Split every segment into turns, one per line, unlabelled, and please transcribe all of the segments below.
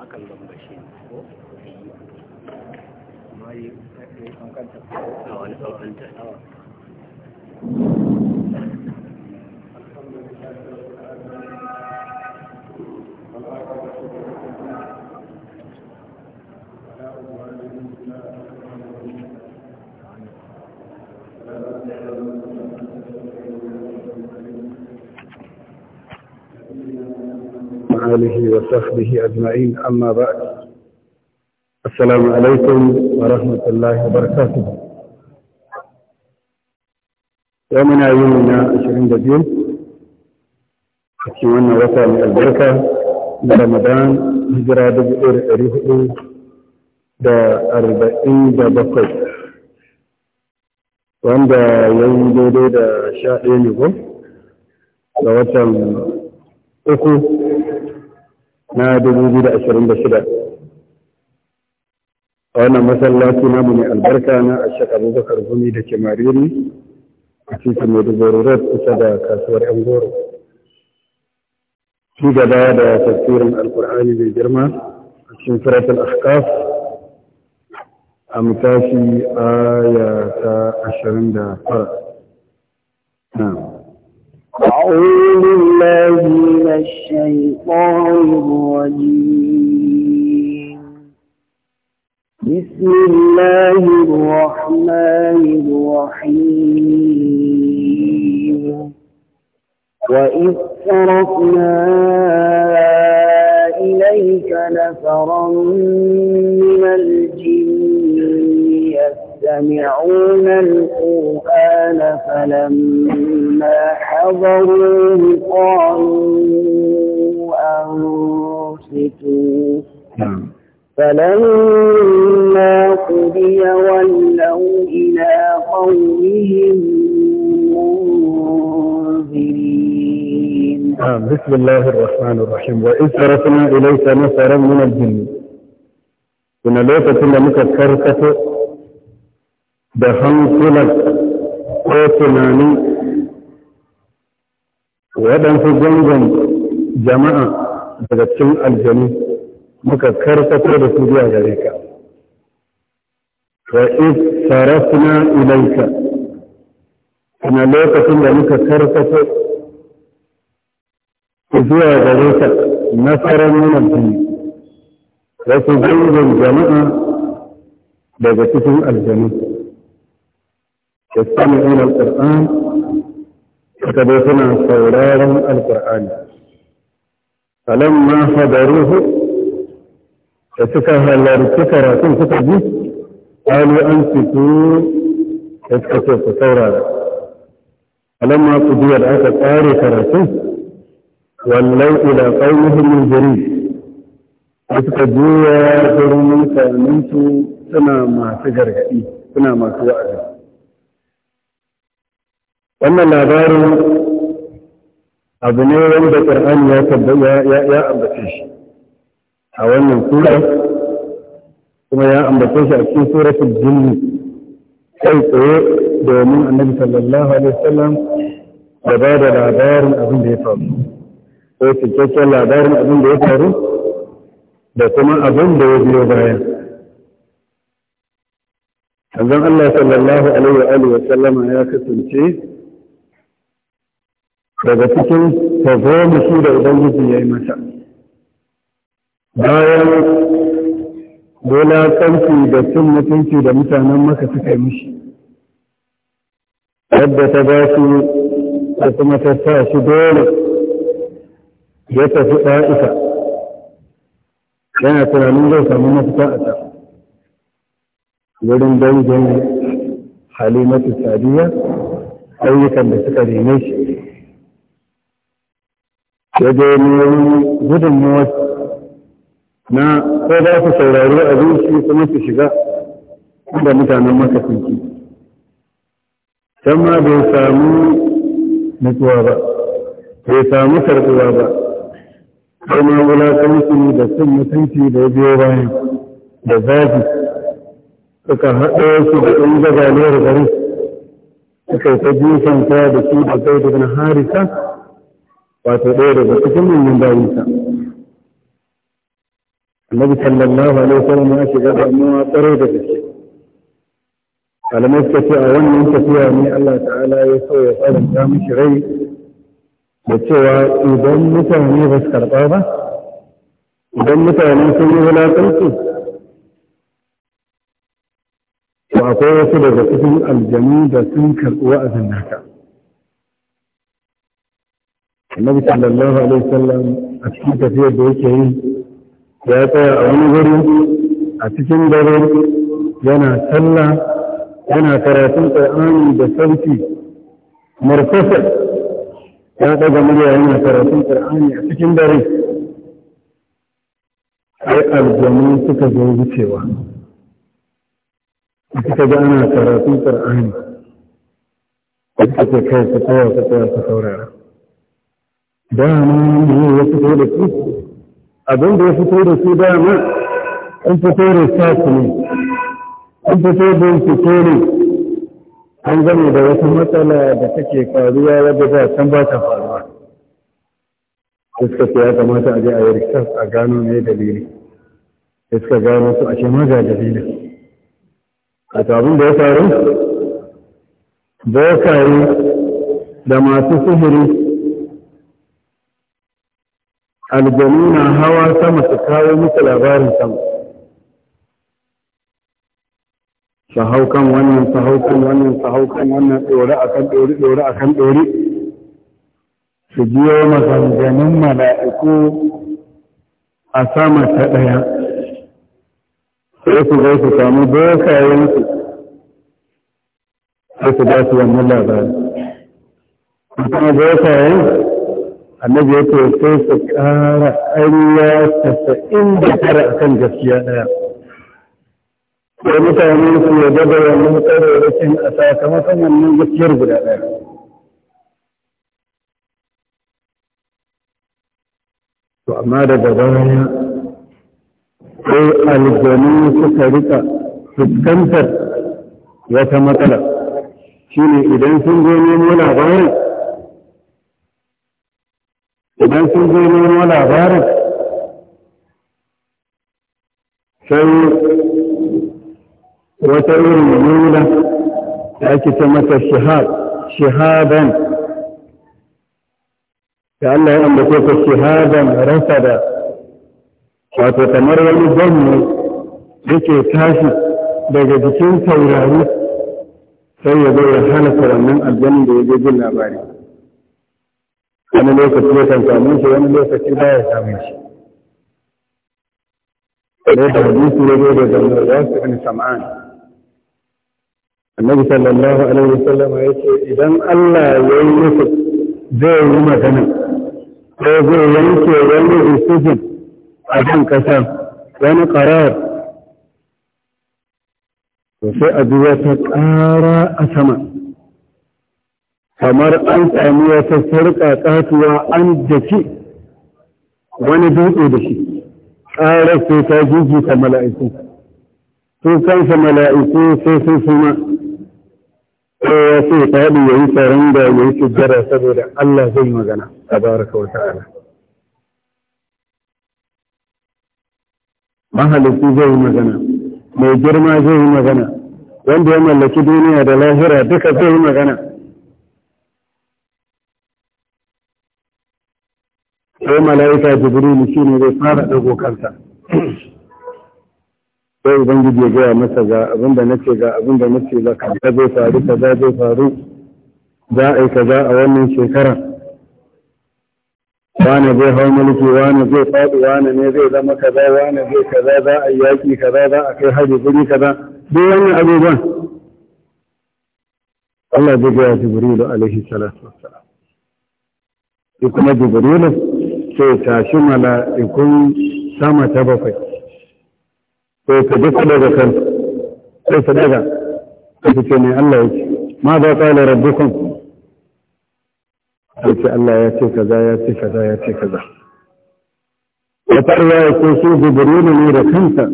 akan lambashe ko ma yi eh, eh, a wani tsawon tattawa
وآله وصحبه أجمعين أما بعد السلام عليكم ورحمة الله وبركاته يومنا يومنا عشرين دبيو أتمنى وطن البركة برمضان هجرة دبئر أريه دا أربعين دا بقيت وأن دا يوم دا شاعين يقول da watan uku na dubu biyu da da ashirin shida a wannan masallaci mu mai albarka na a shek abubakar gumi da ke mariri a cikin maiduguri road kusa da kasuwar yan goro ci gaba da tafsirin alkur'ani mai girma a cikin suratul ahqaf a mutashi aya ta ashirin da fara
أعوذ بالله من الشيطان الشيطان الرجيم بسم الله الرحمن الرحيم وإذ صرفنا إليك نفرا من الجن يستمعون القرآن فلما حضروه قالوا نعم. فلما قضي ولوا إلى قومهم منذرين
آه، بسم الله الرحمن الرحيم وإذ أرسل إليك نفرا من الجن كنا ليس كنا مكركة بحنصلة قوتناني ودن في جنجن جماعة daga cikin aljanu muka karkatar da su zuwa gare ka wa id sarafna ilayka kana lokacin da muka karkatar zuwa gare ka nasarar nuna jini wasu zangon jama'a daga cikin aljanu da sami ina ƙar'an suka dai suna sauraron alƙur'ani falamma hadaruhu da suka halarci karatun suka ji an fito da suka ce ku saurara falamma qudiya da aka tsare karatun wallan ila qaumihim mujrim da suka juya gurin mutanen suna masu gargadi suna masu wa'azi wannan labarin abu ne wanda ƙar'ani ya ambace shi a wannan sura kuma ya ambace shi a cikin suratul jinni kai tsaye domin annabi sallallahu alaihi wasallam da ba da labarin abin da ya faru ko cikakken labarin abin da ya faru da kuma abin da ya biyo baya Azan Allah sallallahu alaihi wa alihi wa sallama ya kasance daga cikin tagomashi da ubangiji ya yi masa bayan wulaƙanci da cin mutunci da mutanen maka suka yi mishi yadda ta ba shi kuma ta sa shi dole ya tafi ɗa'isa yana tunanin zai samu mafita a ta wurin dangin halimatu sadiya ayyukan da suka rene shi ya ga nemi gudunmuwa na ko za su saurari abinci kuma su shiga da mutanen makasinki can ma bai samu nutsuwa ba bai samu karɓuwa ba har ma wulaƙanci da sun mutunci da biyo bayan da zafi suka haɗo su da ɗan gabaliyar garin suka yi ta jifanta da su da zai da harisa wato ɗaya daga cikin manyan bayinsa annabi sallallahu alaihi wasallam ya shiga damuwa tsare da gaske malamai suka ce a wannan tafiya ne Allah ta'ala ya so ya faranta mishi rai da cewa idan mutane ba su karɓa ba idan mutane sun yi wulaƙanci to akwai wasu daga cikin aljanu da sun karɓi wa'azin naka annabi sallallahu alaihi wasallam a cikin tafiyar da yake yi ya tsaya a wani wuri a cikin dare yana sallah yana karatun qur'ani da sauti marfasa ya daga murya yana karatun qur'ani a cikin dare sai aljanu suka zo wucewa suka ga ana karatun qur'ani suka kai su tsaya su tsaya su saurara dama ne ya fito da su abin da ya fito da su dama an fito da sasu ne an fito da fito ne an gane da wata matsala da take faruwa wadda za san ba ta faruwa suka ya kamata a je a yi rikas a gano ne dalili iska gano su a ce ma ga dalilin a abin da ya faru bokaye da masu sihiri aljanu na hawa sama su kawo musu labarin sama su kan wannan su kan wannan su kan wannan ɗore a kan ɗore ɗore a kan ɗore su biyo maganganun mala'iku a sama ta ɗaya sai su zai su samu bokayensu sai su ba su wannan labarin A kuma bokayensu annabi ya ce sai su ƙara hanya tasa'in da tara a kan gaskiya ɗaya sai mutane su yarda da wannan tsararrakin a sakamakon wannan gaskiyar guda ɗaya to amma daga baya sai aljanu suka rika fuskantar wata matsala shine idan sun zo nemo labarin idan sun zai nemo labarin sai wata irin nuna da ake ta mata shahad shahadan da Allah ya ambace ka shahadan rasa da wato kamar wani zanne ke tashi daga jikin taurari sai ya zo ya halaka wannan aljanin da ya je jin labari wani lokaci ya kan same shi wani lokaci ba ya same shi ne da hadisi da zai da zanzar ya su in sam'an annabi sallallahu alaihi wasallam ya ce idan Allah ya yi musu zai yi magana ko zai yanke wani decision a kan kasa wani karar to sai a duba ta ƙara a sama kamar an sami wata sarƙa katuwa an daki wani dutse da shi ƙarar sai ta jijjita mala'iku sun kansa mala'iku sai sun suna kowa sai ta haɗu ya yi tsaron da ya yi tujjara saboda Allah zai magana a baraka wa ta'ala. Mahalici zai magana, mai girma zai magana, wanda ya mallaki duniya da lahira duka zai magana. ko mala'ika jibrilu ne zai fara dago kansa sai ubangiji ya gaya masa ga abin da nace ga abin da nace ga kaza zai faru kaza zai faru za a yi kaza a wannan shekara wane zai hau mulki wane zai faɗi wane ne zai zama kaza wane zai kaza za a yi yaƙi kaza za a kai hari guri kaza duk wannan abubuwan Allah zai gaya Jibrilu alaihi salatu wassalam shi kuma Jibrilu ce tashi mala'ikun sama ta bakwai sai ka duka daga kan sai ta daga ta ce ne Allah ya ce ma ba kala rabbukun sai ce Allah ya ce kaza ya ce kaza ya ce kaza ya tarwa ya ko su jibrilu ne da kansa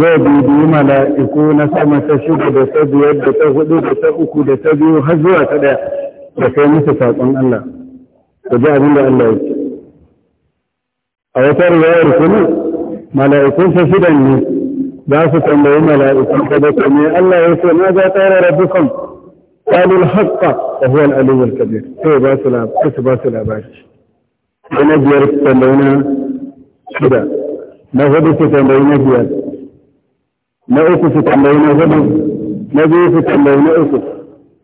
zai bibiyi mala'iku na sama ta shida da ta biyar da ta hudu da ta uku da ta biyu har zuwa ta daya da kai musu saƙon Allah وجاء ji أن لا Allah ya ce a wata riwayar kuma mala'ikun أنه shidan ne za su tambayi ماذا قال ربكم قالوا الحق وهو العلو الكبير إيه إيه هو باس العباس باس العباس أنا جيرت تتنبينا شدا ما غد تتنبينا بيار ما أكو تتنبينا غد ما بيو تتنبينا أكو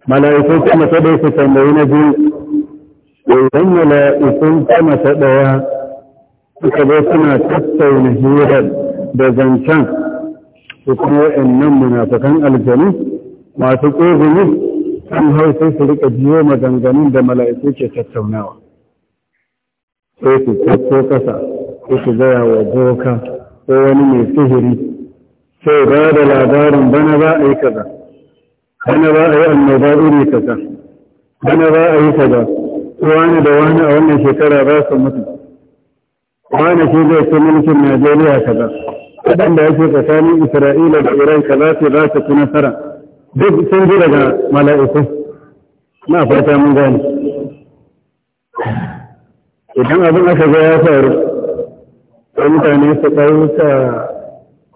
ملائكة ما تبي تتنبينا idan mala'ikun sama ta ɗaya suka zo suna tattauna hirar da zancen su kuma wa'annan munafikan aljanu masu ƙogumi an hau sai su riƙa biyo maganganun da mala'iku ke tattaunawa sai su tatto kasa ko su gaya wa boka ko wani mai sihiri sai ba da labarin bana ba a yi kaza bana ba a yi annoba iri kaza bana ba a yi kaza wani da wani a wannan shekara za su mutu wani shi zai ce mulkin najeriya kaza waɗanda yake tsakanin isra'ila da iran kaza su za su ci nasara duk sun ji daga mala'iku na fata mun gani idan abin aka ga ya faru da mutane su ɗauka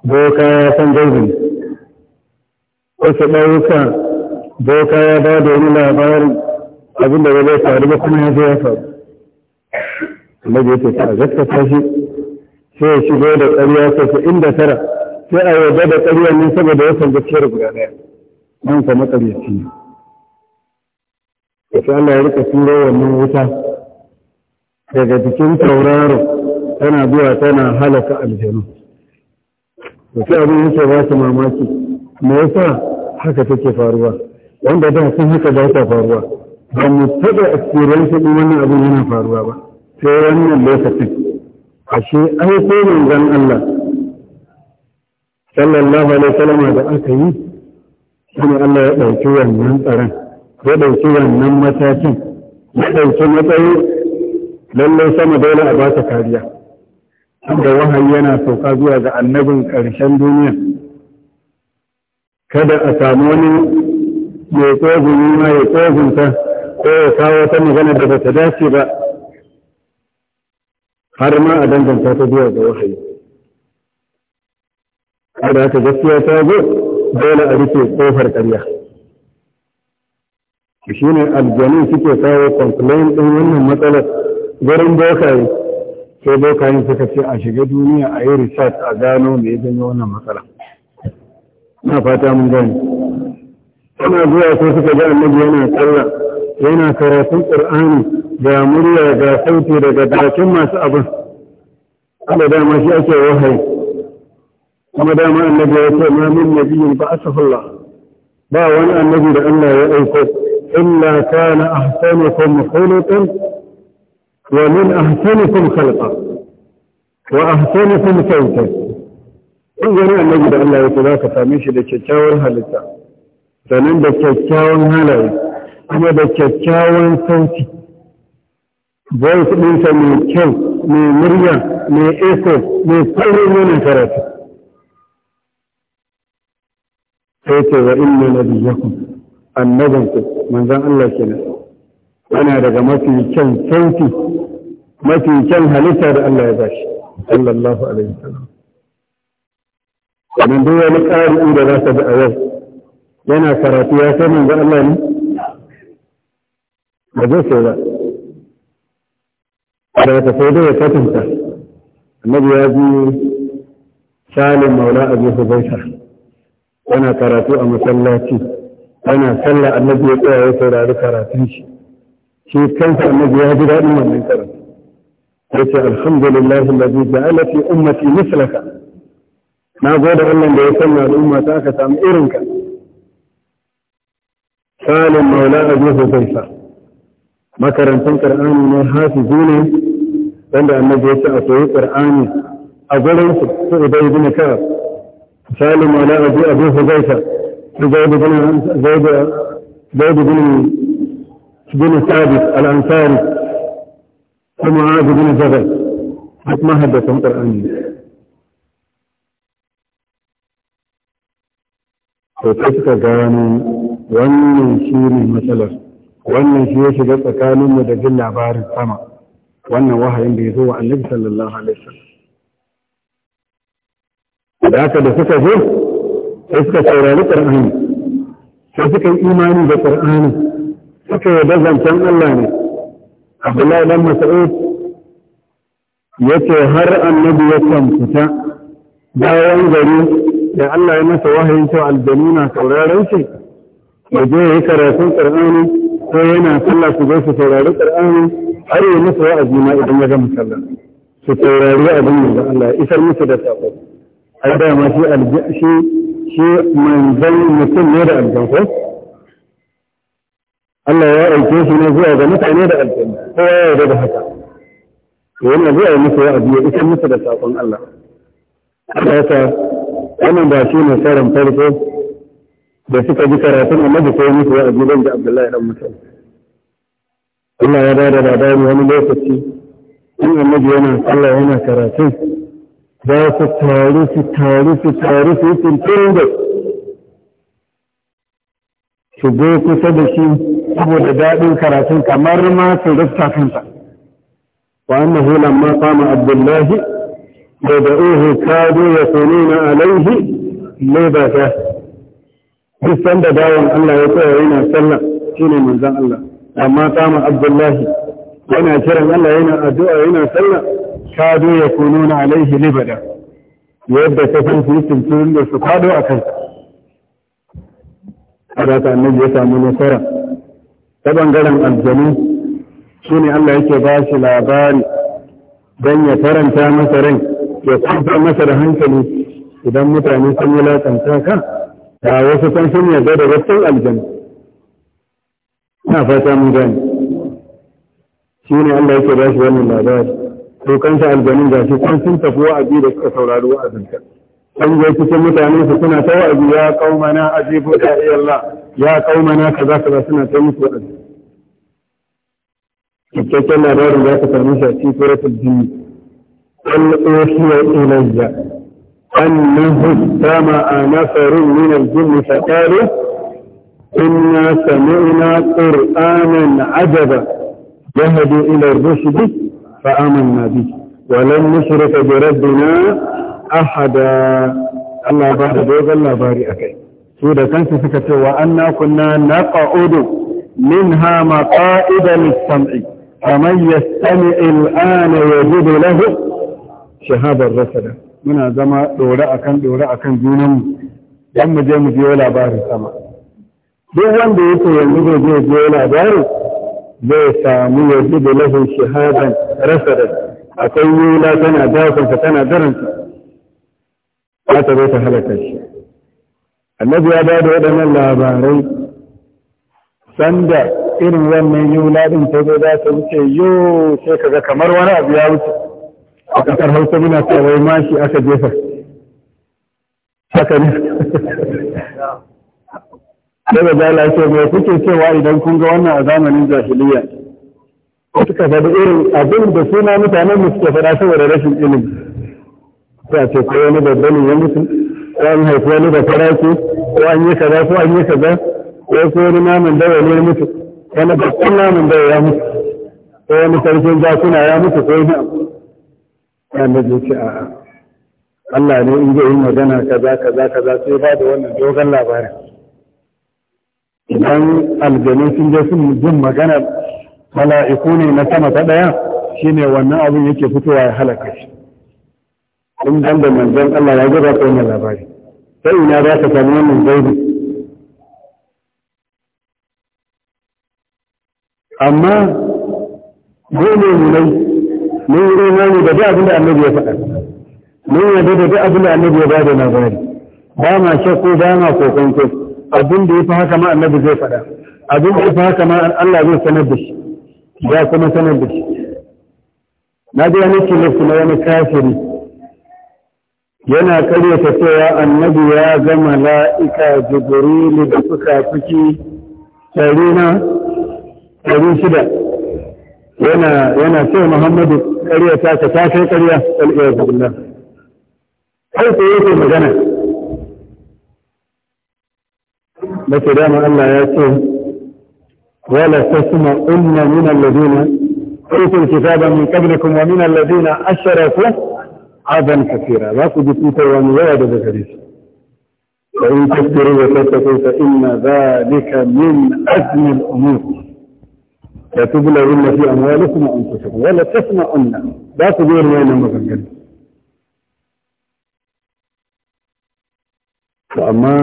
boka ya san gaibin ko su ɗauka boka ya ba da wani labarin abinda ba zai faru ba kuma ya zo ya faru annabi yake ta a gaskata shi sai ya shigo da ƙarya casa'in inda tara sai a yarda da ƙarya ne saboda ya san gaskiyar guda ɗaya nan ka maƙaryaci ne ya fi Allah ya rika tura wannan wuta daga jikin tauraro tana zuwa tana halaka aljanu da sai abin yake ba su mamaki me yasa haka take faruwa wanda da sun haka ba ta faruwa ba mu taɓa experience ɗin wannan abin yana faruwa ba sai wannan lokacin ashe ai ko manzon Allah sallallahu alaihi wasallam da aka yi kuma Allah ya ɗauki wannan tsaron ya ɗauki wannan matakin ya ɗauki matsayi lallai sama dole a ba ta kariya da wahayi yana sauka zuwa ga annabin ƙarshen duniya kada a samu wani mai yi ma ya ta. ko ya kawo ta magana da bata dace ba har ma a danganta ta biya ga wahayi da ta gaskiya ta zo dole a rike kofar ƙarya shi ne aljanu suke kawo complain ɗin wannan matsalar garin bokaye sai bokaye suka ce a shiga duniya a yi research a gano me ya janyo wannan matsala na fata mun gani ana zuwa sai suka ji annabi yana kalla. yana karatun ƙur'ani da murya ga sauti daga bakin masu abin Allah dama shi ake wahayi kuma dama annabi ya ce ma min nabiyin ba asafullah ba wani annabi da Allah ya aiko illa kana ahsanukum khuluqan wa min ahsanikum khalqa wa ahsanikum sautan in wani annabi da Allah ya ce za ka same shi da kyakkyawar halitta sannan da kyakkyawan halaye kuma da kyakkyawan sauti voice ɗinsa mai kyau mai murya mai echo mai saurin yana karatu sai ce wa inna nabiyakum annabanku manzan Allah kenan ana daga mafi kyan sauti mafi kyan halitta da Allah ya bashi sallallahu alaihi wasallam sannan duk wani ƙari'u da za ka ji a yau yana karatu ya sai manzon Allah ne ba zai sai ba da wata sai dai ya kwatanta annabi ya ji shalin maula abu hubaifa yana karatu a masallaci ana sallah annabi ya tsaya ya saurari karatun shi shi kansa annabi ya ji daɗin wannan karatu ya ce alhamdulillah alladhi ja'ala fi ummati mislaka na gode Allah da ya sanya al'umma ta aka samu irinka salim maula abu hubaifa makarantan ƙar'ani ne hafizu ne wanda annabi ya ce a koyi ƙar'ani a gurin su su ubay bin ka salim mala abu abu hudaita su zaidu bin zaidu bin sabit al-ansari su mu'az bin jabal duk mahaddatan ƙar'ani to sai suka gano wannan shi ne matsalar wannan shi ya shiga tsakaninmu da jin labarin sama wannan wahayin da ya zo wa annabi sallallahu alaihi wasallam da haka da suka zo sai suka saurari qur'ani sai suka yi imani da qur'ani suka yarda zancen Allah ne Abdullahi dan Mas'ud yace har annabi ya kan fita bayan gari da Allah ya masa wahayin cewa aljanna sauraron shi ya je ya yi karatun qur'ani ko yana sallah su zo su saurari qur'ani har yi musu wa'azi ma idan ya gama sallah su saurari abin da Allah ya isar musu da sako ai da ma shi shi shi manzon mutum ne da aljanna Allah ya aike shi ne zuwa ga mutane da aljanna kowa ya yarda da haka to yana zuwa musu wa'azi ya isar musu da sakon Allah Allah ya sa wannan ba shi ne tsarin farko da suka ji karatun amma da sai musu a gidan da Abdullahi dan mutum Allah ya bada ne wani lokaci in annabi yana Allah yana karatun za su taru su taru su taru su yi da su zo kusa da shi saboda daɗin karatun kamar ma su rufta kansa wa annahu lamma qama Abdullahi da da'uhu kadu yakununa alaihi ta. duk sanda bawan Allah ya tsaya yana sallah shine manzon Allah amma kama Abdullahi yana kiran Allah yana addu'a yana sallah kado ya kununa alaihi libada yadda ta san su yi da su kwado a kai. a da annabi ya samu nasara ta bangaren aljanu shi ne Allah yake ba shi labari don ya faranta masa rai ya kwanta masa da hankali idan mutane sun yi latsanta ka ta wasu kan sun yarda da wasu aljan ina fata mun gani shi ne Allah yake ba shi wannan labari ko kansa aljanin ga shi kan sun tafi wa'azi da suka saurari wa'azin ka an je cikin mutane su suna ta wa'azi ya qaumana ajibu iyalla ya qaumana kaza kaza suna ta musu wa'azi cikakken labarin za ka samu shi a cikin suratul jinn qul uhiya ilayya أنه استمع نفر من الجن فقالوا إنا سمعنا قرآنا عجبا يهدي إلى الرشد فآمنا به ولن نشرك بربنا أحدا الله بارد الله بارئك سورة كانت سكتوا وأنا كنا نقعد منها مقائد للسمع فمن يستمع الآن يجد له شهابا رسلا muna zama ɗore akan ɗore akan junanmu don mu je mu biyo labarin sama duk wanda yake yanzu zai je biyo labarin zai samu ya ji da lahin shahadan rasa da akwai yula tana dakonsa tana daransa, ba ta zai ta halaka shi annabi ya ba da waɗannan labarai sanda irin wannan yula ɗin ta zai za ta wuce yau sai kaga kamar wani abu ya wuce a ƙasar hausa muna cewa wai mashi aka jefa haka ne sai zala ce mai kuke cewa idan kun ga wannan a zamanin jahiliya suka faɗi irin abin da suna mutanen mu suke faɗa saboda rashin ilimi sai ce ko wani babban ya mutu ko an haifi wani da farashi? ko an yi kaza ko an yi kaza ko ko wani naman dawa ne ya mutu wani babban naman dawa ya mutu ko wani sarkin zakuna ya mutu ko wani abu annabi ya ce a Allah ne in zai yi magana kaza kaza kaza sai ba da wannan dogon labarin idan aljanu sun je sun jin magana mala'iku ne na sama ta ɗaya shine wannan abin yake fitowa ya halaka shi in dan da manzon Allah ya gaba ko wannan labari sai ina za ka samu wannan gaibi amma dole ne mun yi imani da duk abin da annabi ya faɗa mun yarda da duk abin da annabi ya bada labari ba ma shakku ba ma kokonto abin da ya fi haka ma annabi zai faɗa abin da ya fi haka ma Allah zai sanar da shi ya kuma sanar da shi na ji wani kilifu na wani kafiri yana karyata cewa annabi ya ga la'ika, jibrilu da suka fuki ɗari na tari shida yana yana ce Muhammadu ƙarya ta ta ta kai ƙarya al'iyyar billah
har sai yake magana
da ke dama Allah ya ce wala tasma inna min alladhina utul kitaba min qablikum wa min alladhina asharafu adan kathira za ku ji tutarwa mu yawa da gare su wa in tasbiru wa tattaqu fa inna dhalika min azmi al-umur da tublarun fi amwalikum wa anfusikum wala tasma'unna za ku zo ruwayan maganganu to amma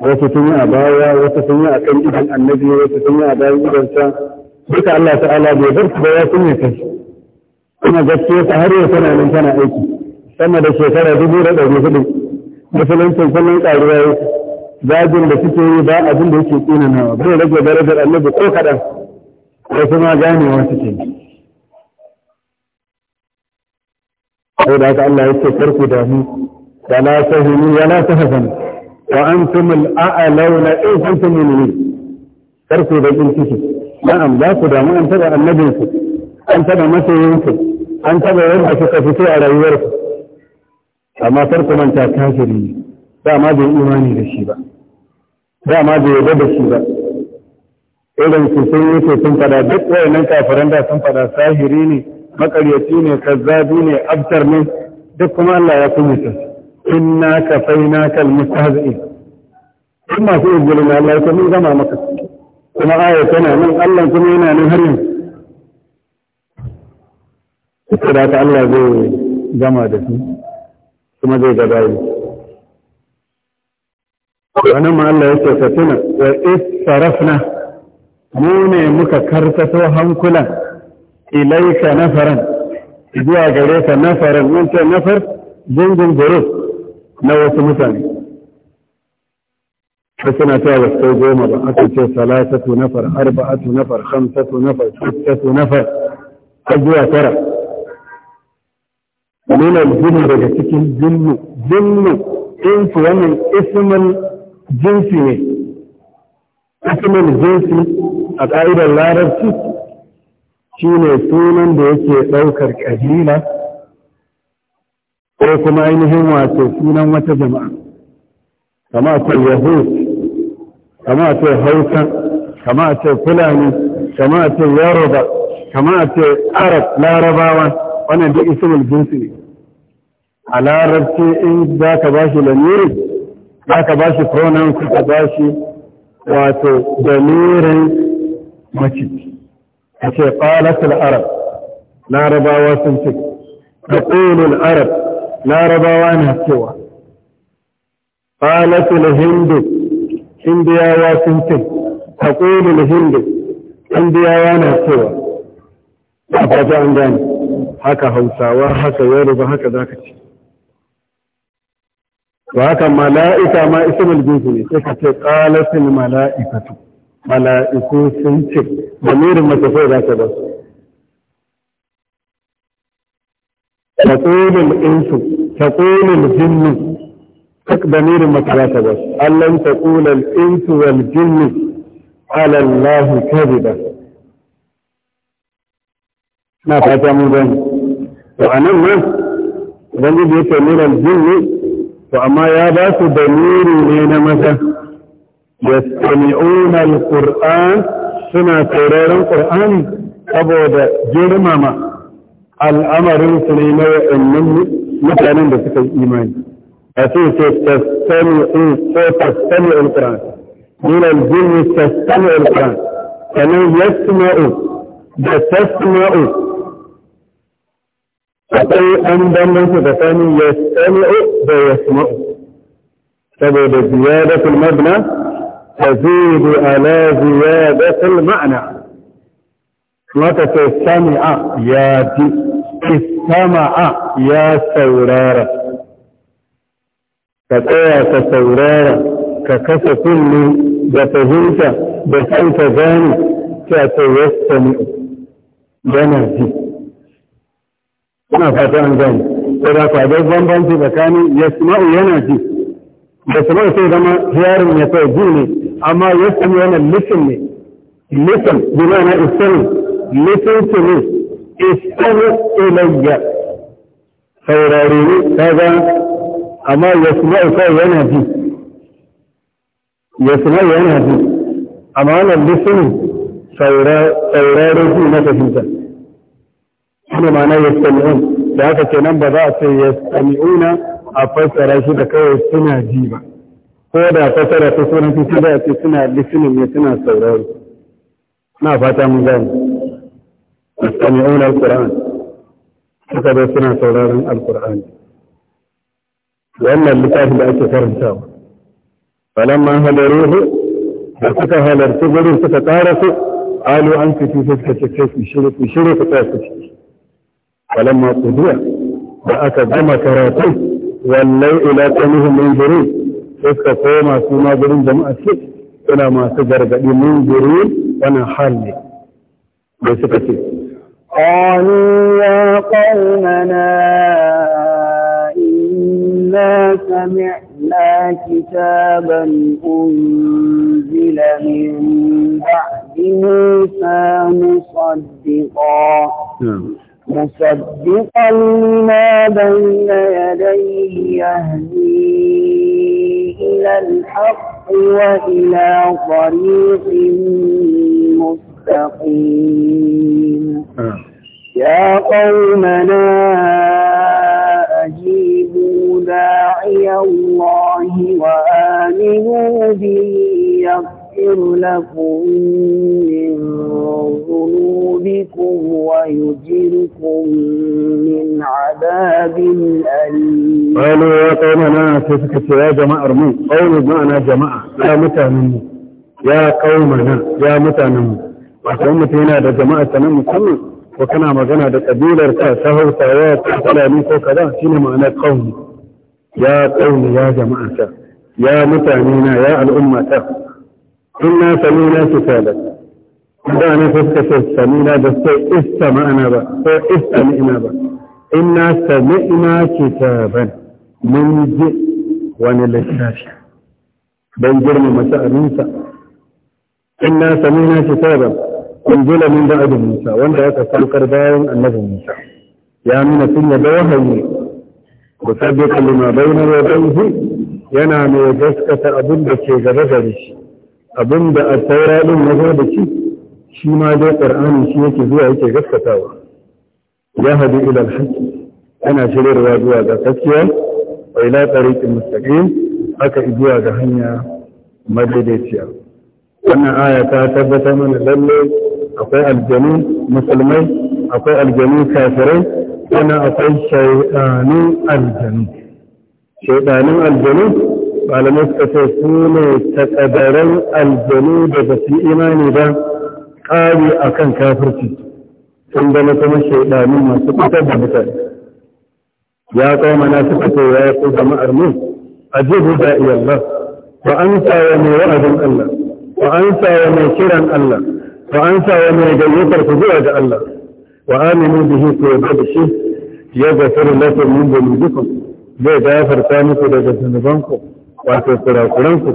wasu sun yi a baya wasu sun yi a kan idan annabi wasu sun yi a bayan can, duka Allah ta'ala bai bar su ba sun yi kai kuma gaskiya ta har yau tana nan tana aiki sama da shekara dubu da ɗari hudu musuluncin kullum ƙaruwa yau zagin da suke yi ba abin da yake tsinanawa bai rage darajar annabi ko kaɗan wasu ma ganewa suke sai da haka Allah ya ce farko da mu da la sahinu ya la sahazan wa antum al-a'launa in kuntum mu'minin farko da kin ciki na'am za ku damu an taba annabinsu an taba masoyinku an taba wanda suka fito a rayuwarku amma farko manta kafiri ne ma bai imani da shi ba ma bai yarda da shi ba irin su sun yi su sun fada duk wayannan kafiran da sun fada sahiri ne makaryaci ne kazzabi ne abtar ne duk kuma Allah ya kuma ta inna kafaina kal mustahzi'in duk masu na Allah ko mun gama maka
kuma aya tana nan Allah kuma yana nan har yanzu
kada ta Allah zai gama da su kuma zai gaba yi
wannan ma Allah ya ce fatina wa is sarafna
mu ne muka karkato hankulan ilaika nafaran zuwa gare ka nafaran wancan nafar jingin guru na wasu mutane ta suna cewa ba sai goma ba aka ce salatatu nafar arba'atu nafar khamsatu nafar sittatu nafar har zuwa tara nuna jinnu daga cikin jinnu jinnu su wannan ismin jinsi ne ismin jinsi a ƙa'idar larabci shi ne sunan da yake ɗaukar ƙabila ko kuma ainihin wato sunan wata jama'a kama ce yahud kama ce hausa kama ce fulani kama ce yaroba kama ce arab larabawa wannan duk ismul jinsi ne a larabci in za ka ba shi lamiri za ka ba shi ka ba shi wato da mace a ce ƙalatul arab larabawa sun ce da ƙulul arab larabawa na cewa ƙalatul hindu indiyawa sun ce da ƙulul hindu indiyawa na cewa a ta an gani haka hausawa haka ba haka za ka ce ba haka mala'ika ma ismul jinsi ne sai ka ce ƙalatul mala'ikatu mala’iku sun ce, da mirin matafai za ta ba. Taƙulun insu, taƙulun jinnu, kak da mirin matafai za ta ba. Allah ta taƙulun insu wal jinnu, alallahu kari ba. Na fata mu zan, to a nan nan, idan ya ce mirin jinnu, to amma ya ba su da ne na masa. يستمعون القرآن سنة قرار القرآن أبود جرمما الأمر سليم وإنني مثلا بسك الإيمان أسوك تستمع تستمع القرآن من الجن تستمع القرآن أن يسمع تستمع أقول أن دمه فتاني يستمع ويسمع سبب زيادة المبنى تزيد على زيادة المعنى متى تستمع يا دي استمع يا سورارة كتايا كسورارة ككس كل بفهمت بسنت ذاني كتيستمع جنازي أنا فتان ذاني إذا قعدت ذنبا في مكاني يسمع ينازي da su bai sai zama hiyarin ya sai ji ne amma ya sami wannan listen ne listen bi ma'ana istani listen to me istani ilayya saurare ne kaga amma ya sami sai yana ji ya sami yana ji amma wannan listen saurare ji na fahimta Wani ne ma'ana ya sami'un da haka nan ba za a ce ya sami'una a fassara shi da kawai suna ji ba ko da fassara ta sunan fi sai da ce suna listening ne suna saurari na fata mun gani sami'un alquran suka zo suna sauraron alquran wannan littafi da ake karantawa falamma hadaruhu da suka halarci gurin suka tsara su alu an fito suka ce kai ku shiru ku shiru ku tsaya su ciki falamma qudiya da aka gama karatun wallai ila qawmihim munzirun sai suka koma su ma gurin jama'a ce suna masu gargadi munzirun wannan hal ne da suka ce
قالوا يا قومنا إنا سمعنا كتابا أنزل من بعد موسى مصدقا مصدقا لما بين يديه يهدي إلى الحق وإلى طريق مستقيم آه. يا قومنا أجيبوا داعي الله وآمنوا به يغفر لكم من قلوبكم ويجركم من عذاب أليم
قالوا يا قومنا كيفك يا جماعة رمو قولوا معنا جماعة يا متانم يا قومنا يا متانم وأتهم فينا دا جماعة تنم كم وكنا مغنى دا قبيلة تا سهو تاوات سلامي كذا شين معنى قوم يا قوم يا جماعة يا متانينا يا الأمة إنا سمينا كتابك da ne suka ce samina da sai ista ma'ana ba ko ista ni'ina ba inna sami'na kitaban mun ji wani littafi don girmama sha'aninsa inna samina kitaban unzila min bada Musa wanda aka saukar bayan annabi Musa ya nuna sun yaba wahayi musabbiqan lima bayna yadayhi yana mai gaskata abin da ke gaba gare shi abin da a taura din ya zo da shi shi ma dai ƙar'ani shi yake zuwa yake gaskatawa ya hadu ila alhaqi ana shirarwa zuwa ga gaskiya wa ila tariqin mustaqim haka zuwa ga hanya madaidaiciya wannan aya ta tabbatar mana lalle akwai aljanu musulmai akwai aljanu kafirai sannan akwai shaydanun aljanu Shaidanun aljanu malamai suka ce su ne takadaran aljanu da ba su imani ba ƙari a kan kafirci sun zama kuma shaidanin masu fitar da mutane ya kawo mana suka ce ya ko jama'ar mu a jihu da iyallah wa an sawa mai wa'azin Allah wa an sawa mai kiran Allah wa an sawa mai gayyatar ku zuwa ga Allah wa aminu bihi ku yarda da shi ya gafara lakum min dhunubikum zai gafarta muku daga zunubanku wato kurakuranku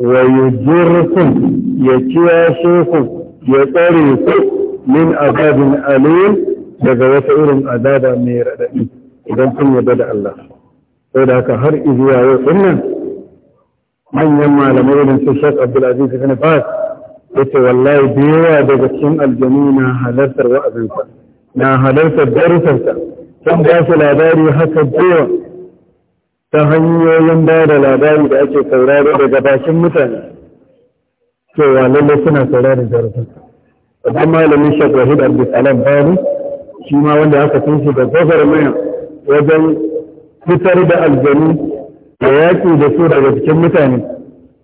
wa yujirkum ya kiyashe ku ya tsare su min azabin alim daga wata irin azaba mai raɗaɗi idan sun yarda da Allah sai da haka har izuwa yau dinnan manyan malamai irin su Sheikh Abdul Aziz ibn Baz yace wallahi da yawa daga cikin aljanu na halartar wa'azinsa na halartar darusarsa sun ba su labari haka da ta hanyoyin ba da labari da ake sauraro daga bakin mutane cewa lallai suna saurari jarumai babban malamin shek wahid abdulsalam bani shi ma wanda aka san shi da maya wajen fitar da aljanu da yaƙi da su daga cikin mutane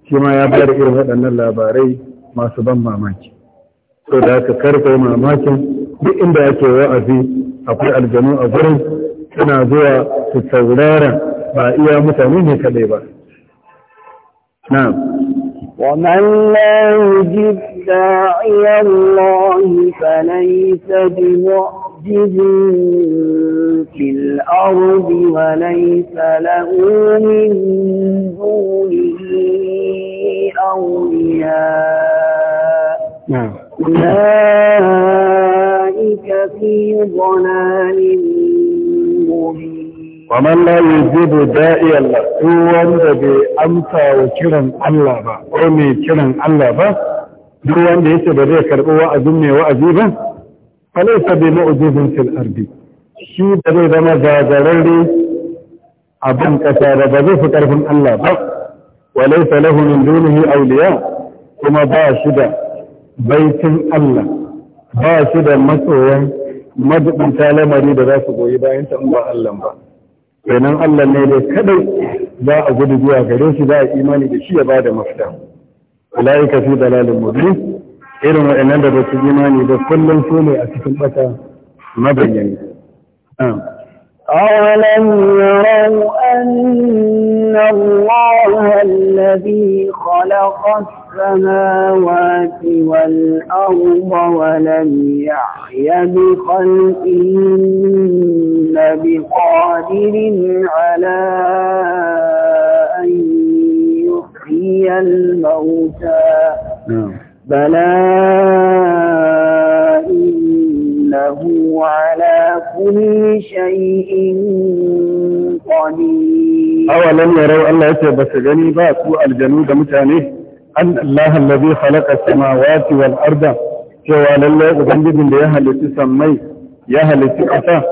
shi ma ya bayar irin waɗannan labarai masu ban mamaki to da aka karfe mamakin duk inda ake wa'azi akwai aljanu a gurin suna zuwa su saurara ba iya mutane ne kaɗai ba na'am
ومن لا يجب داعي الله فليس بمعجز في الأرض وليس له من دونه أولياء نعم. أولئك في ضلال
ومن لا يجيب داعي الله هو الذي أمسى وكرا الله با ومي كرا الله با هو الذي يتبع ذكر وأذني وأجيبا فليس بمؤجز في الأرض شيء بدي ذما جاجرري أبن كتار بدي فكره الله با وليس له من دونه أولياء كما باشد بيت الله باشد مسؤول مدبن تالمري بذاته ويبا أنت أمبا الله با kenan Allah ne dai kadai za a gudu zuwa gare shi za a imani da shi ya bada mafita ulaika fi dalalin mubin irin wa'annan da ba su imani da kullun su a cikin bata mabayyana
أولم يروا أن الله الذي خلق السماوات والأرض ولم يعي بخلقهن بقادر على أن يحيي الموتى نعم. بلى
awalan yarau Allah yace ba su gani ba su aljanu da mutane an Allah allazi khalaqa samawati wal arda cewa lalle ubangijin da ya halitti sammai ya halitti ƙasa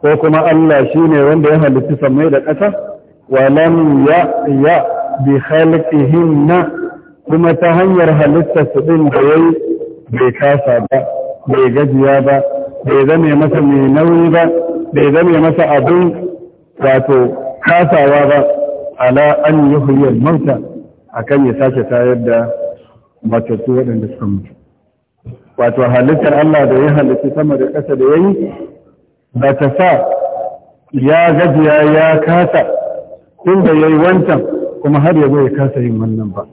ko kuma Allah shine wanda ya halitti sammai da ƙasa walam ya ya bi khalqihinna kuma ta hanyar halittar su din da yayi bai kasa ba bai gajiya ba bai zame masa mai nauyi ba bai zame masa abin wato kasawa ba ala an yi huliyar mauta kan ya sake tayar da matattu waɗanda suka mutu wato halittar Allah da ya halitta sama da ƙasa da yayi ba ta sa ya gajiya ya kasa tun da ya yi wancan kuma har ya ya kasa yin wannan ba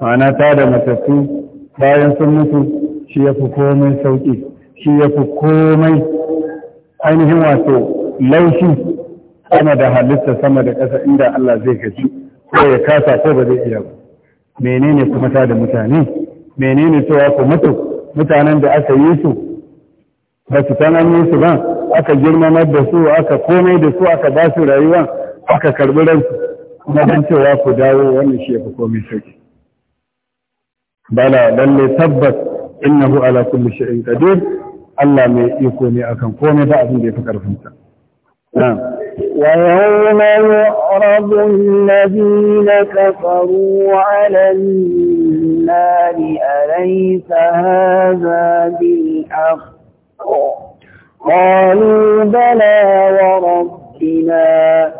ma'ana ta da matattu bayan sun mutu shi ya fi komai sauƙi shi ya fi komai ainihin wato laushi sama da halitta sama da ƙasa inda Allah zai gaji ko ya kasa ko ba zai iya ba menene kuma ta da mutane menene cewa ku mutu mutanen da aka yi su ba su san yi su ba aka girmamar da su aka komai da su aka ba su rayuwa aka karbi ransu kuma dan cewa ku dawo wannan shi ya komai sauki bala lalle tabbas innahu ala kulli shay'in qadir Allah mai iko ne akan komai ba abin da ya fi sa نعم.
ويوم يعرض الذين كفروا على النار أليس هذا بالحق قالوا بلى وربنا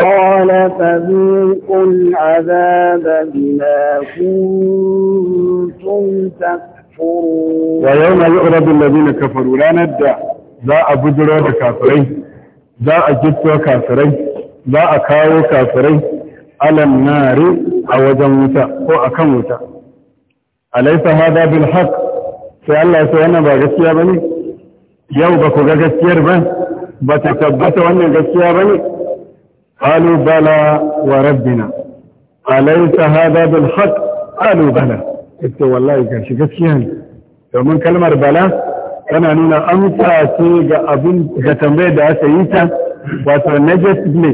قال فذوقوا العذاب بما كنتم تكفرون ويوم يعرض الذين كفروا لا ندع
لا أبو جرى كافرين za a gitto kafirai za a kawo kafirai alam nari a wajen wuta ko a kan wuta alaisa hada bil haq sai Allah sai wannan ba gaskiya bane yau ba ku ga gaskiyar ba ba ta tabbata wannan gaskiya bane qalu bala wa rabbina alaisa hada bil haq qalu bala ita wallahi gashi gaskiya ne domin kalmar bala Kana nuna amsa ce ga abin ga tambayar da aka yi ta wato negative ne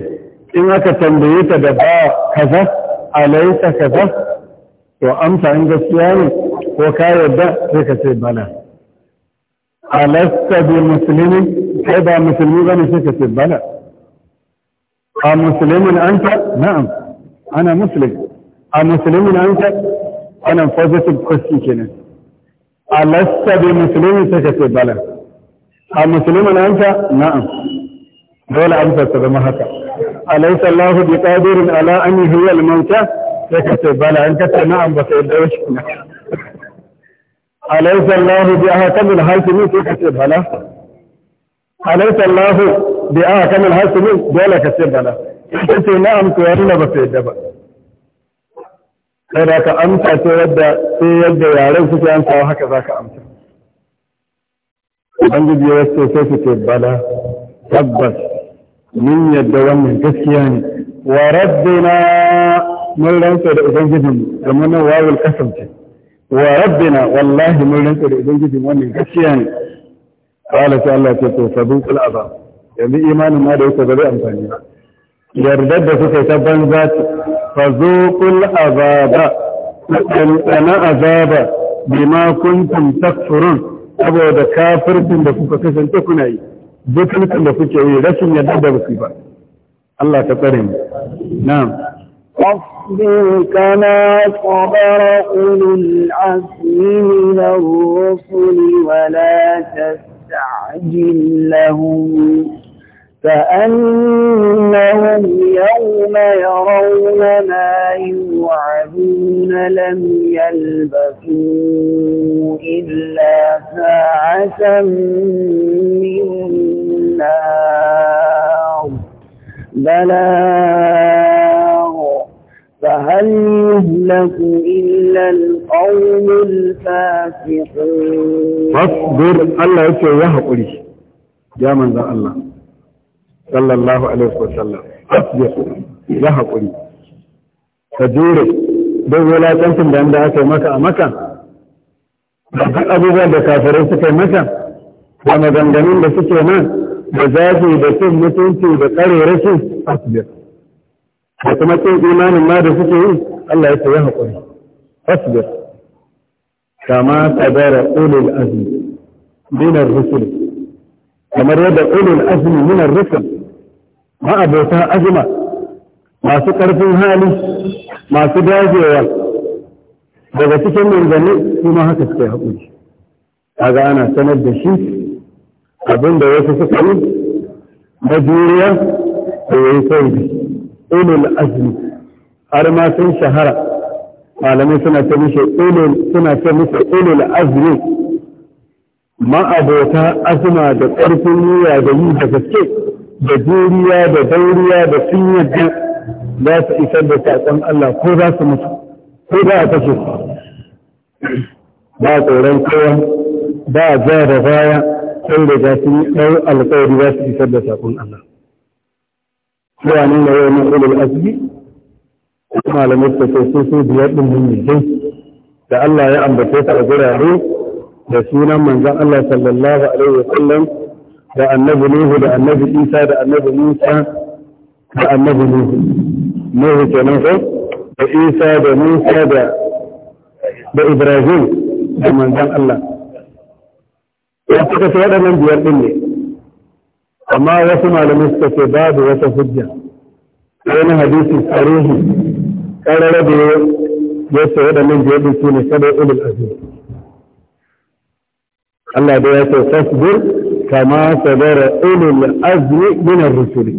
in aka tambaye ta da ba kaza alaita kaza to amsa in gaskiya ne ko ka yarda sai ka ce bala alasta bi musulmi kai ba musulmi ba ne sai ka ce bala a musulmin anta na'am ana muslim a musulmin anta ana positive question kenan ألست بمسلم سكت بلا أمسلم أنت نعم دولة أمسى تضمهك أليس الله بقادر على أن هي الموتى سكت بلا أنت نعم بس إلوش نعم. أليس الله بأهكم الحاكمين سكت بلا أليس الله بأهكم الحاكمين دولة كتب بلا أنت نعم تورنا بس إلوش sai da ka amsa ce yadda sai yadda yaren suke amsawa haka za ka amsa ubangiji ya ce sai su ce bala tabbas min yadda wannan gaskiya ne wa rabbina mun rantsa da ubangijin da mun wawul kasance wa rabbina wallahi mun rantsa da ubangijin wannan gaskiya ne qala ta Allah ce to sabu kul aba yanzu imanin ma da yake ba zai amfani ba yardar da suka yi ta banza fa zuqul azaba ɗanɗana azaba bima kuntum takfurun saboda kafircin da kuka kasance kuna yi zutulcin da suke yi rashin yadda da su ba Allah ta tsare mu na'am
واصبر كما صبر أولو العزم من الرسل ولا تستعجل لهم فأنهم يوم يرون ما يوعدون لم يلبثوا إلا ساعة من النار بلاغ فهل يهلك إلا القوم الفاسقون فاصبر الله يسوي
يا من ذا الله sallallahu alaihi wa wasallam asbir ya haƙuri ka jure don wulaƙancin da yanda aka yi maka a maka duk abubuwan da kafirai suka yi maka da maganganun da suke nan da zafi da cin mutunci da ƙare rashin asbir da kuma cin imanin ma da suke yi Allah ya ce ya haƙuri asbir kama tabara ulul azmi dinar rusul kamar yadda ulul azmi minar rusul ma'abota azuma masu ƙarfin hali masu dajewa daga cikin manzanni kuma haka suka yi haƙuri kaga ana sanar da shi abin da wasu suka yi na juriya da yayi sauri ulul azmi har ma sun shahara malamai suna ta mishi ulul suna ma'abota azuma da ƙarfin niyya da yi da gaske da juriya da dauriya da sun yadda za su isar da saƙon Allah ko za su mutu ko za a kashe ba tsoron kowa ba za da baya sun da za su yi ɗau alƙawari za su isar da saƙon Allah. Kowa ne na yau na ulul azumi malamai ta ce sun biyar ɗin mun da Allah ya ambace ta a gurare da sunan manzan Allah sallallahu alaihi wa sallam da annabi Nuhu da annabi Isa da annabi Musa da annabi Nuhu Nuhu kenan ko da Isa da Musa da da Ibrahim da manzon Allah ya suka ce waɗannan biyar ɗin ne amma wasu malamai suka ce babu wata hujja wani hadisi tsarihi ƙarara da ya ce waɗannan biyar ɗin su ne sadar ulul azim Allah da ya ce fasbir كما صدر أولو الأزل من الرسول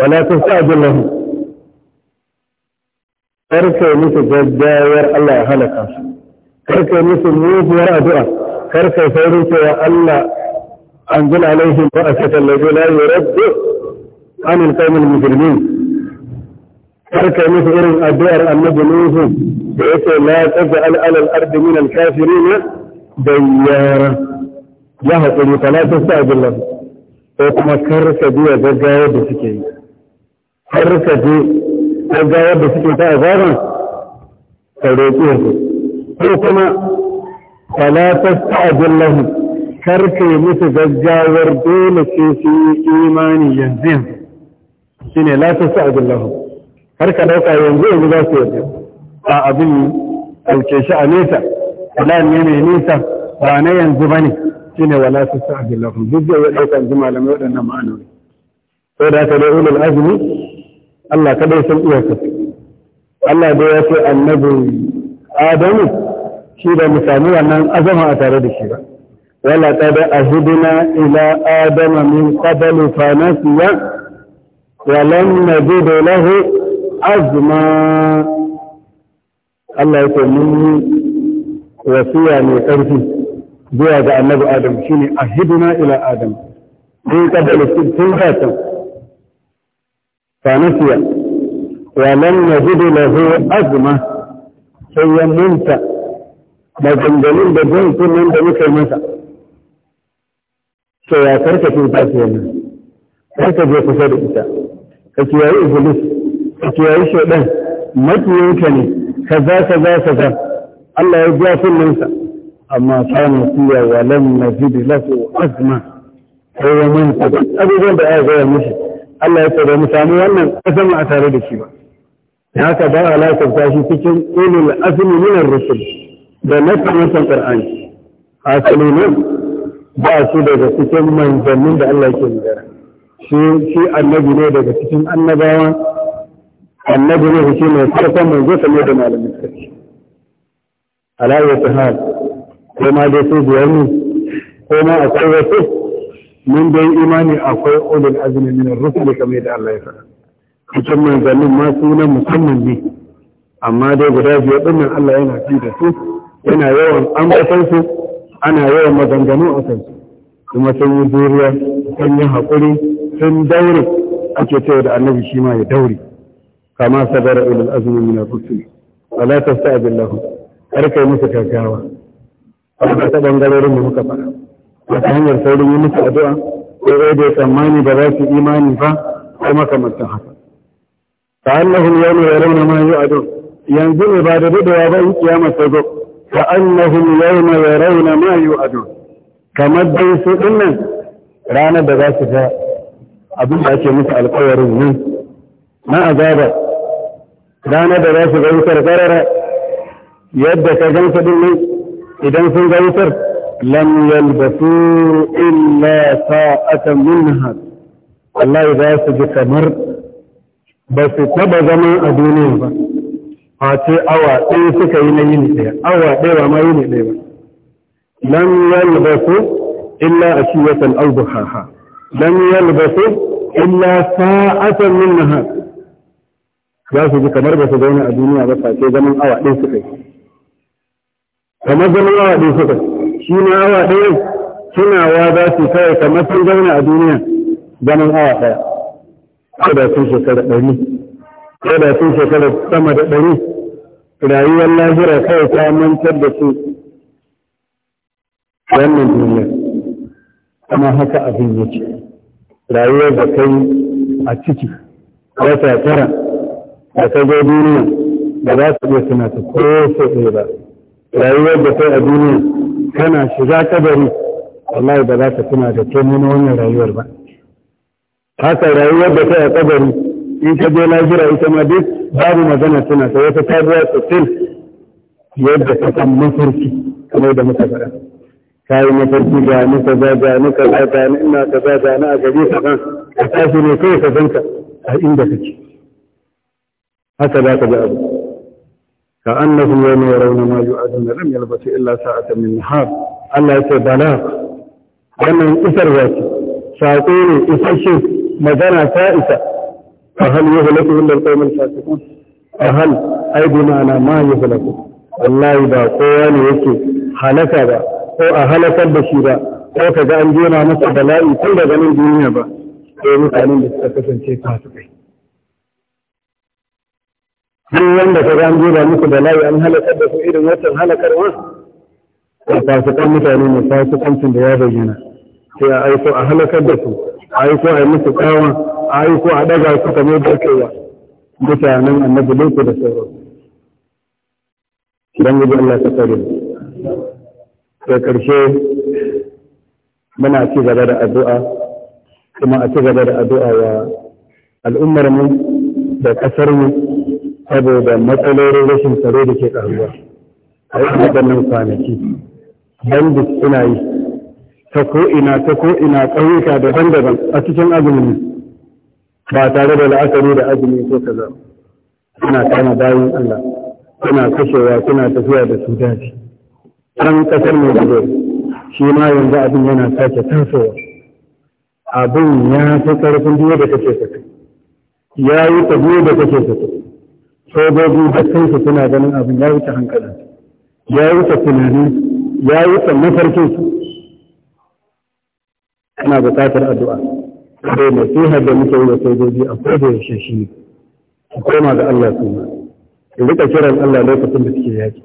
ولا تساعد الله كرك مثل جدا ور الله هلك كرك مثل موت ور أدعى كرك فورك يا الله أنزل عليهم بأسة الذي لا يرد عن القوم المجرمين كرك مثل أدعى النبي نوح بيت لا تجعل على الأرض من الكافرين ديارا ya haƙuri fa la tastajil lahu ko kuma kar ka biya gaggawar da suke yi kar ka je gaggawar da suke ta azaban ka roƙe su ko kuma fa la tastajil lahu kar ka yi musu gaggawar dole sai su yi imani yanzu yanzu ne la tastajil lahu kar ka dauka yanzu yanzu za su yi a abin alke shi a nesa ala ne ne nesa ba na yanzu ba ne. shine wala su sa'adin lahum duk zai ɗauka ji malamai waɗannan ma'anoni sai da aka dai ulul azumi Allah kadai san iyaka Allah da ya ce annabi Adamu shi da mu sami wannan azama a tare da shi ba wala qad ahidna ila adama min qabl fa nasiya
wa lam najid lahu azma
Allah ya ce mun wasiya mai ƙarfi zuwa ga annabi adam shine a hiduna ila adam sun kaddala sun fatan fanasiya wa lam yajidu lahu azma sai ya munta maganganun da zan sunan da muka masa to ya karka cuta su yanzu karka je kusa da ita ka kiyayi iblis ka kiyayi shaidan makiyanka ne kaza kaza kaza Allah ya ja sunnansa amma kana fiya wa lam nazid lahu azma sai ya manta abubuwan da aka gaya mishi Allah ya tsare mu samu wannan kasan a tare da shi ba Ya ka ba ala ta shi cikin ulul azmi min ar-rusul da na nasaran qur'ani hasali ne ba su daga cikin manzannin da Allah ke magana shi annabi ne daga cikin annabawa annabi ne shi ne farkon manzo sanye da malamin sarki ala ya ta ko ma dai sai biyar ne ko ma akwai wasu min dai imani akwai ulul azmi min ar-rusul kamar da Allah ya faɗa cikin manzannin ma sunan musamman ne amma dai guda biyar din nan Allah yana ci da su yana yawan ambatan su ana yawan maganganu a kansu kuma sun yi juriya sun yi haƙuri sun daure ake cewa da annabi shi ma ya daure kama sabara ulul azmi min ar-rusul wala tasta'jil lahum kar kai musu gaggawa a ta bangarorin da muka fara wata hanyar saurin yi musu addu'a ko zai da tsammani ba za su imani ba ko makamantan haka ta annahum yawma yarawna ma yu'adun yanzu ne ba da dadewa ba in kiyama ta zo ta annahum yawma yarawna ma yu'adun kamar dai su dinnan ranar da za su ga abin da ake musu alƙawarin ne na azaba ranar da za su ga wutar karara yadda ka gansa din nan idan sun ga wutar lam yalbasu illa sa'atan minha Allah za su ji kamar ba su taba zama a duniya ba a ce awa ɗaya suka yi na yin ɗaya awa ɗaya ba ma yini ɗaya ba lam yalbasu illa ashiyatan aw duhaha lam yalbasu illa sa'atan minha za su ji kamar ba su zauna a duniya ba face zaman awa ɗaya suka yi kamar zaman awa ɗaya suka
shi ne awa ɗaya
tunawa za su kai kamar sun zauna a duniya zaman awa ɗaya ko da sun shekara ɗari ko da sun shekara sama da ɗari rayuwar lahira kawai ta mantar da su wannan duniya amma haka abin yake rayuwar da kai a ciki wata tara da ka zo duniya da za su iya suna ta ko so ɗaya ba rayuwar da kai a duniya kana shiga kabari wallahi ba za ta tuna da kai nuna wannan rayuwar ba haka rayuwar da kai a kabari in ka je lafira ita ma duk babu magana tuna sai wata tabuwa sosai yadda ka san mafarki kamar da muka faɗa ka yi mafarki ga ni za ga ni za ga ni ina za ga ni a gari san ka tashi ne kai ka ka a inda kake haka za ka ga abu كأنهم يوم يرون ما يؤدون لم يلبثوا إلا ساعة من نهار Allah ya ce bala wannan isar da ce saƙo ne isasshe magana ta isa a hal yi hulaku inda alƙawar fasikun a hal ai bi ma'ana ma yi hulaku wallahi ba kowa ne yake halaka ba ko a halakar da shi ba ko ka ga an jona masa bala'i tun daga nan duniya ba ko mutanen da suka kasance fasikai duk wanda ka ga an jera muku da layi an halakar da su irin watan halakarwa da fasikan mutane ne fasikancin da ya bayyana sai a aiko a halakar da su a aiko a yi musu kawa a aiko a daga su kamar da ake wa mutanen annabi linku da sauro. don gudu Allah ta tsare da ƙarshe muna ci gaba da addu'a kuma a ci gaba da addu'a wa al'ummarmu da ƙasarmu. mu saboda matsalolin rashin tsaro da ke ƙaruwa a yi waɗannan kwanaki bandit suna yi ta ko'ina ta ko'ina ƙauyuka daban-daban a cikin azumi ba tare da la'akari da azumi ko zama. suna kama bayan Allah suna kashewa suna tafiya da su daji
ɗan ƙasar mai gudu shi ma yanzu abin yana sake
tasowa abin ya fi ƙarfin duk da kake saka ya yi tafiye da kake saka sojoji da su suna ganin abin ya wuce hankala ya wuce tunani ya wuce mafarkin su ana buƙatar addu'a sai nasiha da muke yi da sojoji a koda yaushe shi ne su koma ga Allah su ma rika kiran Allah lokacin da suke yaƙi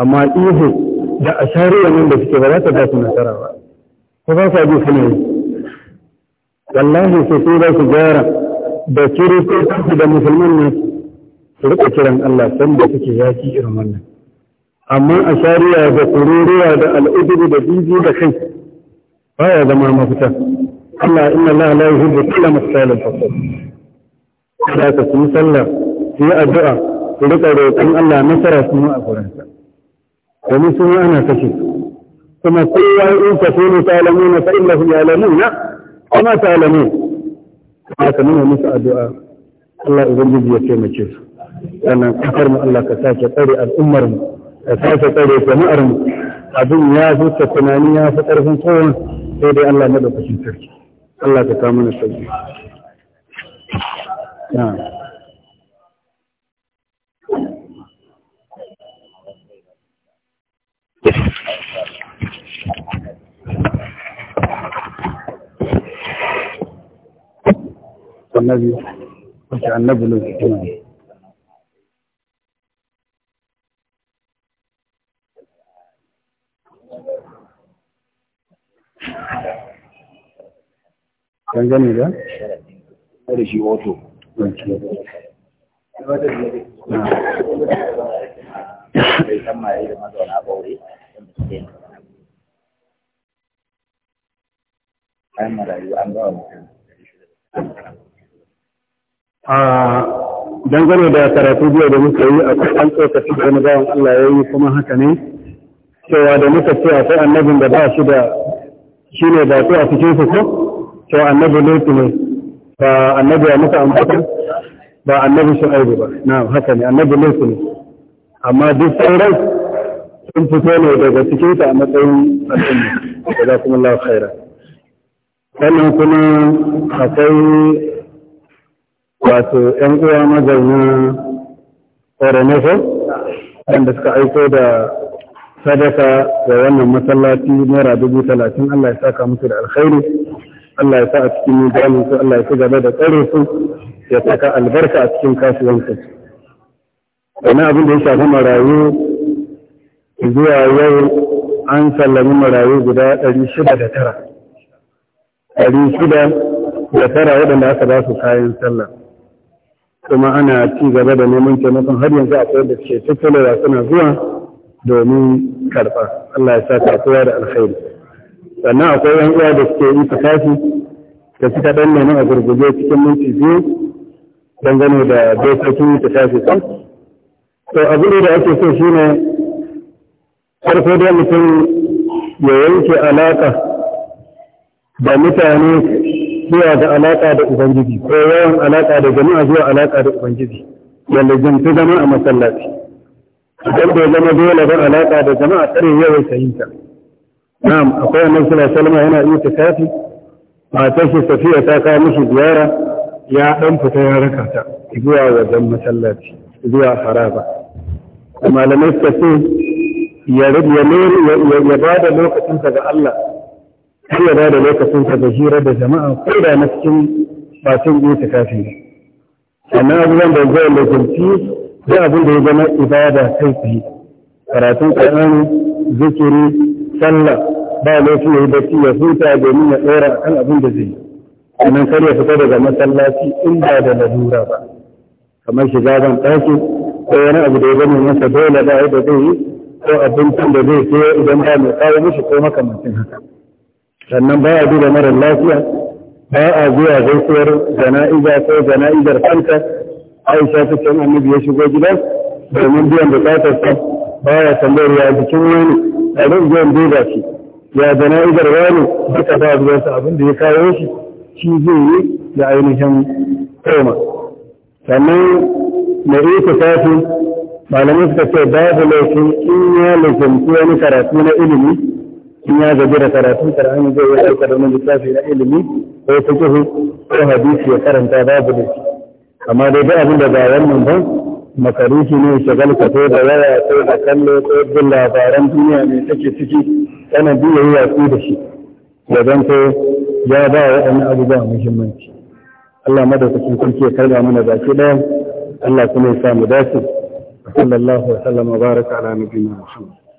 amma ihu da a shari'a nan da suke ba za ta ba su nasara ba ko ba sa ji suna yi wallahi su su za su gyara da kiristoci da musulman nasu su rika kiran Allah sanda suke yaki irin wannan amma a shari'a da kururuwa da al'udubu da bibi da kai baya zama mafita Allah inna Allah la yuhibbu kulla mukhtalin fasad da ka su sallah su yi addu'a su rika roƙon Allah nasara su mu a gurinsa domin sun ana kashe kuma kowa in takunu ta'lamuna fa innahum ya'lamuna kuma ta'lamun haka nuna musu addu'a Allah ubangiji ya taimake su wannan kasar mu Allah ka sake tsare al'ummar mu ka sake tsare jama'ar mu abin ya zuta tunani ya fi ƙarfin kowa sai dai Allah madaukakin sarki
Allah ka kawo mana sauki
النبي وجعلنا بلوغ الإمام dangane da da
shi wato da
karatu biyu da muka yi a kusan tsokaci da wani bawan Allah ya yi kuma haka ne cewa da muka ce akwai annabin da ba shi da shi ne ba a cikin su ko to annabi lutu ne ba annabi ya muka ambata ba annabi aibu ba na haka ne annabi lutu ne amma duk sauran sun fito ne daga cikin ta a matsayin al'umma za lafi khaira sannan kuma akwai wato ƴan uwa mazaunin ƙoronefo wanda suka aiko da sadaka ga wannan masallaci naira dubu talatin Allah ya saka musu da alkhairi Allah ya sa a cikin nizamin su Allah ya ci gaba da tsare su ya saka albarka a cikin kasuwancin su wani abin da ya shafi marayu zuwa yau an sallami marayu guda ɗari shida da tara ɗari shida da tara waɗanda aka ba su kayan sallah kuma ana ci gaba da neman taimakon har yanzu a akwai da ke tattalawa suna zuwa domin karɓa Allah ya sa kafuwa da alkhairi sannan akwai yan uwa da suke yi tafi da suka dan nemi a gurguje cikin minti biyu dangane da dokokin yi tafi kan to abin da ake so shi ne farko da mutum ya yanke alaka da mutane zuwa ga alaka da ubangiji ko yawan alaka da jama'a zuwa alaka da ubangiji yanda jinsu zama a masallaci idan bai zama dole ba alaka da jama'a tsare yawan sayinta na'am akwai annabi sallallahu alaihi wasallam yana iya tafi matar shi safiya ta kawo mishi ziyara ya dan fita ya raka ta zuwa wajen masallaci zuwa haraba malamai suka ce ya ba da lokacinsa ga Allah har ya ba ga hira da jama'a ko da na cikin batun biyu ta kafi ne abin da ya zama ibada kai karatun ƙwararru zikiri sallah ba laifi ya yi bacci ya huta domin ya tsora kan abin da zai yi sannan kar ya fita daga masallaci in ba da lalura ba kamar shiga ban ɗaki ko wani abu da ya gani masa dole ba da zai yi ko abincin da zai sayo idan ba mai kawo mishi ko makamancin haka sannan ba a duba mara lafiya ba a zuwa gaisuwar jana'iza ko jana'izar kanta aisha ta ce annabi ya shigo gidan domin biyan bukatar baya tambayar ya jikin wani a nan zan duba shi ya jana'izar wani duka ba abin da ya kawo shi shi zai yi da ainihin koma sannan na ita tafi malamai suka ce babu laifin in ya laifin wani karatu na ilimi in ya gaji da karatu karatu zai yi aika da wani littafi na ilimi ko fikihu ko hadisi ya karanta babu laifi amma dai duk abin da ba wannan ba makariki ne shagal ka da waya da kallo ko bin labaran duniya ne take ciki kana biya yi yaƙi da shi ya zanto ya ba wa waɗannan abubuwa muhimmanci Allah madaukakin sarki ya karɓa mana baki ɗaya Allah kuma ya samu dace sallallahu alaihi wa sallam baraka ala nabiyina Muhammad